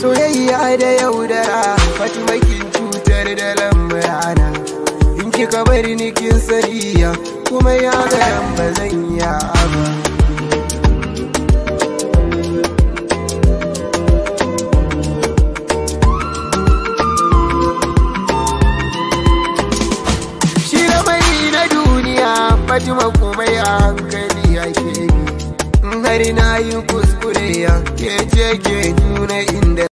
soyayya da yaudara fatima kin cutar da lambarana in kika bari ni kin sariya kuma ya ga ba zan ya ba Fatima kuma ya hankali ya ke in har na yi kuskure ya ke ce ke nuna inda